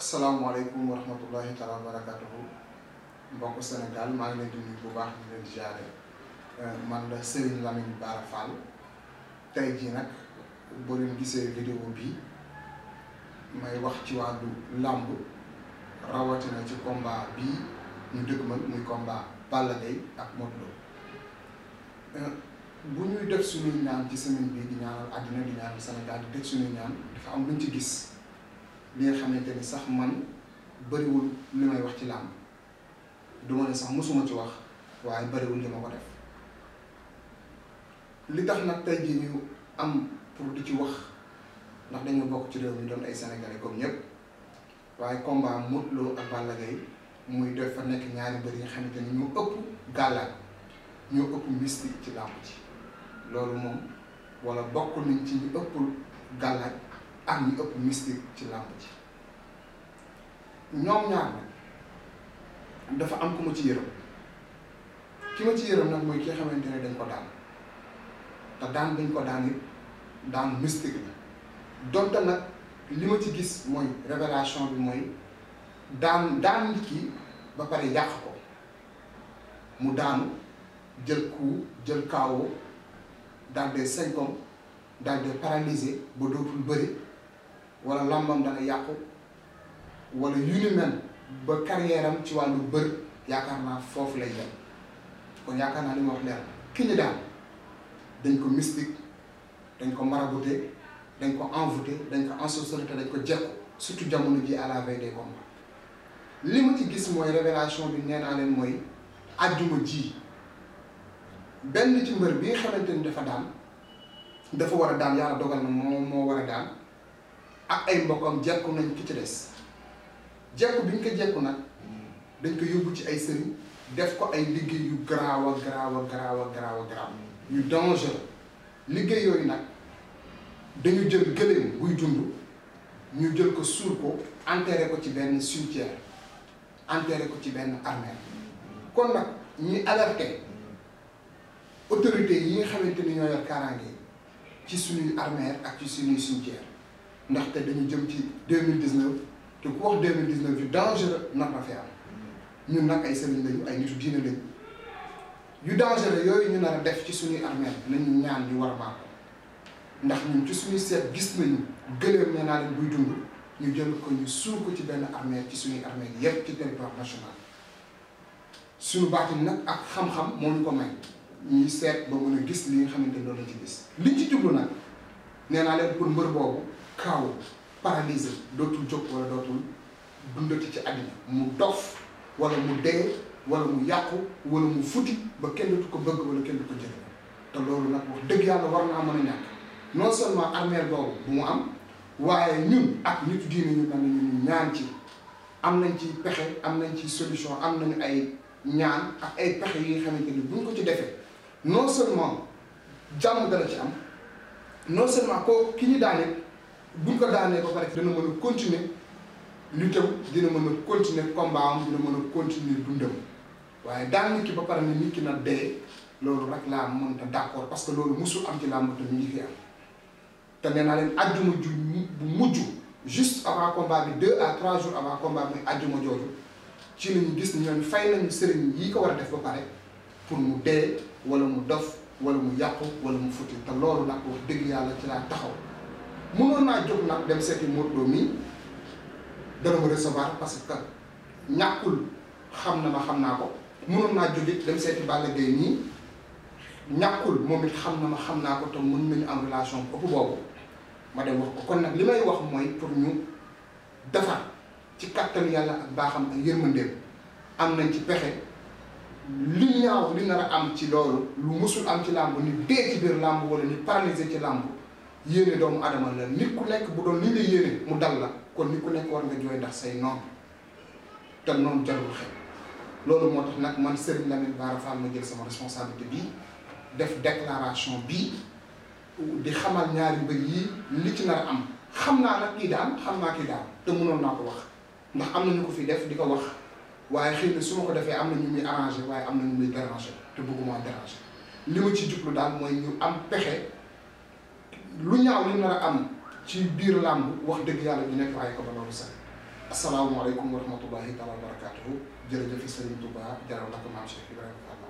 asalaamaaleykum wa rahmatullahi taala wa barakatuhu mbokk Sénégal maa ngi leen bu baax di leen jaare euh, man la Serigne Lamine Bara tey jii nag boo gisee vidéo bi may wax ci wàllu làmb rawatina ci komba bii ñu dëgmal muy combat Balla Gaye ak Modou Lo euh, bu ñuy def suñuy ñaan ci semaine bii di ñaanal àddina di ñaanal Sénégal di def suñuy ñaan dafa am luñ ci gis li nga xamante ni sax man bëriwul li may wax ci làmb du ma ne sax mosuma ci wax waaye bëriwul li ma ko def li tax nag tey jii ñu am pour di ci wax ndax dañu bokk ci réew mi doon ay sénégalais comme ñëpp waaye combat Modou Lo ak Balla Gaye muy def fa nekk ñaari mbër yi nga xamante ni ñoo ëpp gàllaaj ñoo ëpp mystique ci làmb ci loolu moom wala bokk nañ ci ñu ëpp gàllaaj am ñi ëpp mystique ci làmb ji ñoom ñaar nag dafa am ku ma ci yërëm ki ma ci yërëm nag mooy ki xamante ne dañ ko daan te daan dañ ko daan it daan mystique la donte nag li ma ci gis mooy révélation bi mooy daan daan nit ki ba pare yàq ko mu daanu jël coup jël kaawo daal dee sañ koom daal dee paralysé ba dootul wala lambam dana yàqu wala yu ni mel ba carrière am ci wàllu bër yaakaar naa foofu lay dem kon yaakaar naa li ma wax leer ki ñu daal dañ ko mystique dañ ko marabouté dañ ko envoûté dañ ko ensorcelé dañ ko jekku surtout jamono ji à la veille des combats li ma ci gis mooy révélation bi nee naa mooy àjjuma ji benn ci mbër bi nga xamante ni dafa daan dafa war a daan yàlla dogal na moo moo war a daan ak ay mbokkam jekku nañ ki ci des jekku bi ñu ko jekku nag dañ ko yóbbu ci ay sëriñ def ko ay liggéey yu garaaw a garaaw a garaaw yu dangereux liggéey yooyu nag dañu jël gëléem buy dund ñu jël ko suul ko enterré ko ci benn cimetière enterré ko ci benn armée kon nag ñuy alerté autorités yi nga xamante ni ñoo yor kaaraange ci suñuy armée ak ci suñuy cimetière ndaxte dañu jëm ci deux mille dix neuf te ku wax deux mille dix neuf yu dangereux nar na fi am ñun nag ay sëriñ lañu ay nitu diine lañu yu dangereux yooyu ñu nar a def ci suñuy armeel nañu ñaan ñu war a maako ndax ñun ci suñuy seet gis nañu gëléem nee naa leen buy dund ñu jël ko ñu suul ko ci benn armeel ci suñuy armeel yépp ci territoire national suñu baatin nag ak xam-xam moo ñu ko may ñuy seet ba mën a gis li nga xamante ne loolu lañ ci gis liñ ci jublu nag nee naa leen pour mbër boobu kaw paralysé dootul jóg wala dootul dundati ci àddina mu dof wala mu dee wala mu yàqu wala mu futi ba kenn du ko bëgg wala kenn du ko jëlee te loolu nag wax dëgg yàlla war naa mën a ñàkk non seulement armeel boobu bu mu am waaye ñun ak nit diine ñu naan ñu ñaan ci am nañ ci pexe am nañ ci solution am nañu ay ñaan ak ay pexe yi nga xamante ni mu ko ci defee non seulement jàmm dana ci am non seulement ko ki ñu daane buñ ko daanee ba pare dana mën a continuer luttam dina mën a continuer combat am dina mën a continuer dundam waaye daan nit ki ba pare ne nit ki na dee loolu rek laa te d'accord parce que loolu musul am ci làmb te mi ngi fi am te nee naa leen ajjuma ju bu mujj juste avant combat bi deux à trois jours avant combat bi ajjuma jooju ci lañu gis ne ñooñu fay nañu sëriñ yi ko war a def ba pare pour mu dee wala mu dof wala mu yàqu wala mu futti te loolu nag wax dëgg yàlla ci laa taxaw mënoon naa jóg nag dem seeti Modou Lo mii dana ma recevoir parce que ñàkkul xam na ma xam naa ko mënoon naa jóg it dem seeti Balla Gaye nii ñàkkul moom it xam na ma xam naa ko te mën nañu am relation bu ëpp boobu ma dem wax ko kon nag li may wax mooy pour ñu defar ci kattanu yàlla ak baaxam ak yërmandeem am nañ ci pexe li ñaaw li nar a am ci loolu lu musul am ci làmb ni dee ci biir làmb wala ni paralysé ci làmb yéene doomu adama la nit ku nekk bu doon li la yéene mu dal la kon nit ku nekk war nga jooy ndax say noon te noonu jarul xel loolu moo tax nag man sëriñ Lamine Bara Fall ma jël sama responsabilité bii def déclaration bii di xamal ñaari mbir yii li ci nar am xam naa nag kii daal xam naa kii daal te mënoon naa ko wax ndax am na ñu ko fi def di ko wax waaye xëy na su ma ko defee am na ñu muy arrangé waaye am na ñu muy dérangé te bëgguma dérangé li ma ci jublu daal mooy ñu am pexe. lu ñaaw li nar a am ci biir làmb wax dëgg yàlla ñu nekk waaye ko ba loolu sax asalaamaaleykum wa rahmatullahi taala wa barakaatuhu jërëjëf Serigne Touba jaral na ko maam Cheikh Ibrahima